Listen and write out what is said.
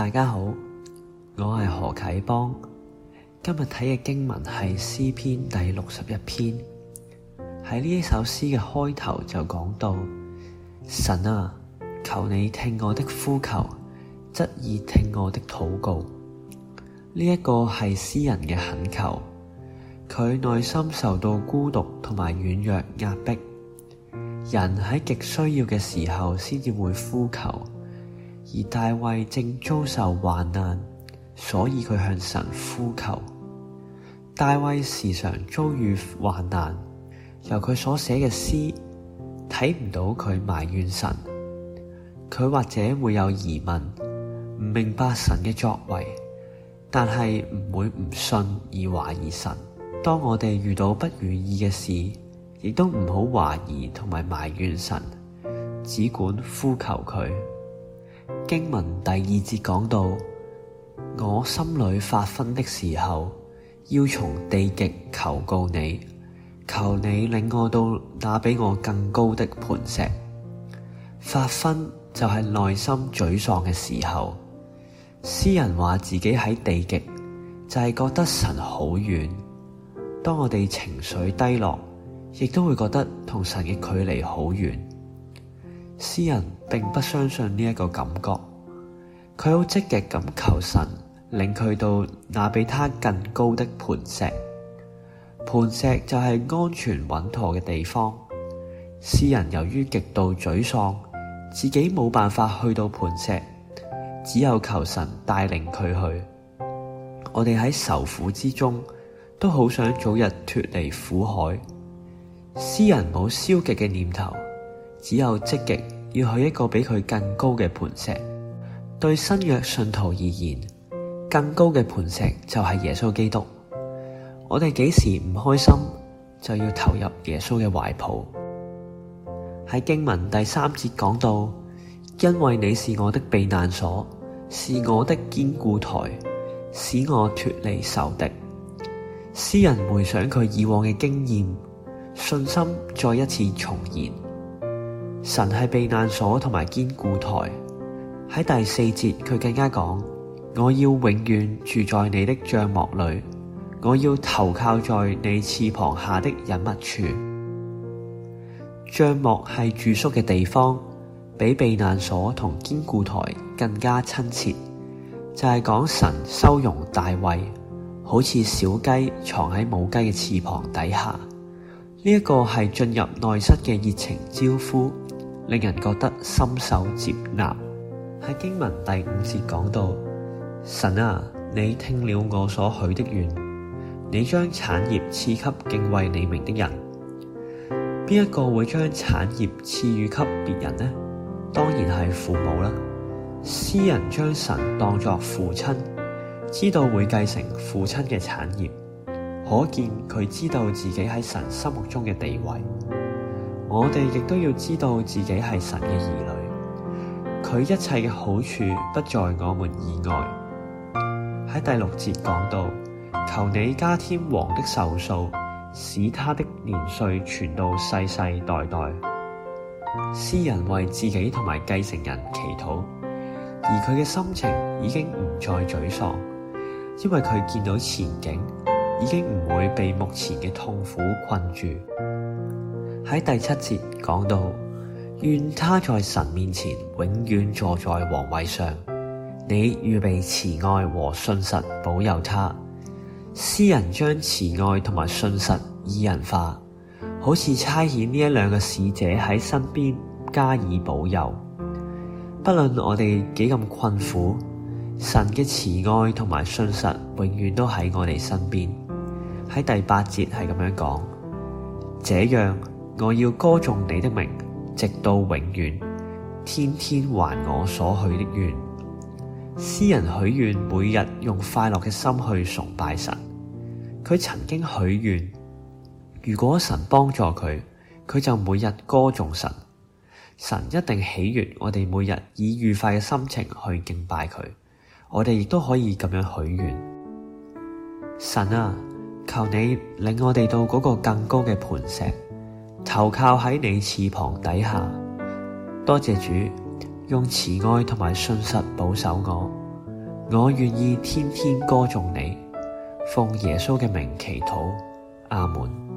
大家好，我係何啓邦。今日睇嘅經文係詩篇第六十一篇。喺呢一首詩嘅開頭就講到：神啊，求你聽我的呼求，側耳聽我的禱告。呢、這、一個係詩人嘅懇求，佢內心受到孤獨同埋軟弱壓迫。人喺極需要嘅時候先至會呼求。而大衛正遭受患難，所以佢向神呼求。大衛時常遭遇患難，由佢所寫嘅詩睇唔到佢埋怨神。佢或者會有疑問，唔明白神嘅作為，但係唔會唔信而懷疑神。當我哋遇到不如意嘅事，亦都唔好懷疑同埋埋怨神，只管呼求佢。經文第二節講到，我心裏發昏的時候，要從地極求告你，求你領我到那比我更高的磐石。發昏就係內心沮喪嘅時候，詩人話自己喺地極，就係覺得神好遠。當我哋情緒低落，亦都會覺得同神嘅距離好遠。詩人並不相信呢一個感覺，佢好積極咁求神，領佢到那比他更高的磐石。磐石就係安全穩妥嘅地方。詩人由於極度沮喪，自己冇辦法去到磐石，只有求神帶領佢去。我哋喺愁苦之中，都好想早日脱離苦海。詩人冇消極嘅念頭。只有積極要去一個比佢更高嘅磐石。對新約信徒而言，更高嘅磐石就係耶穌基督。我哋幾時唔開心，就要投入耶穌嘅懷抱。喺經文第三節講到，因為你是我的避難所，是我的堅固台，使我脫離仇敵。詩人回想佢以往嘅經驗，信心再一次重現。神係避難所同埋堅固臺。喺第四節佢更加講：我要永遠住在你的帳幕裏，我要投靠在你翅膀下的隱密處。帳幕係住宿嘅地方，比避難所同堅固臺更加親切。就係、是、講神收容大衛，好似小雞藏喺母雞嘅翅膀底下。呢一個係進入內室嘅熱情招呼。令人覺得深受接納。喺經文第五節講到：神啊，你聽了我所許的願，你將產業賜給敬畏你名的人。邊一個會將產業賜予給別人呢？當然係父母啦。詩人將神當作父親，知道會繼承父親嘅產業，可見佢知道自己喺神心目中嘅地位。我哋亦都要知道自己係神嘅兒女，佢一切嘅好處不在我們以外。喺第六節講到，求你加添王的壽數，使他的年歲傳到世世代代。詩人為自己同埋繼承人祈禱，而佢嘅心情已經唔再沮喪，因為佢見到前景，已經唔會被目前嘅痛苦困住。喺第七節講到，願他在神面前永遠坐在王位上。你預備慈愛和信實保佑他。詩人將慈愛同埋信實以人化，好似差遣呢一兩個使者喺身邊加以保佑。不論我哋幾咁困苦，神嘅慈愛同埋信實永遠都喺我哋身邊。喺第八節係咁樣講，這樣。我要歌頌你的名，直到永遠。天天還我所許的願。詩人許願，每日用快樂嘅心去崇拜神。佢曾經許願，如果神幫助佢，佢就每日歌頌神。神一定喜悦我哋每日以愉快嘅心情去敬拜佢。我哋亦都可以咁樣許願。神啊，求你領我哋到嗰個更高嘅磐石。投靠喺你翅膀底下，多謝主用慈愛同埋信實保守我。我願意天天歌頌你，奉耶穌嘅名祈禱，阿門。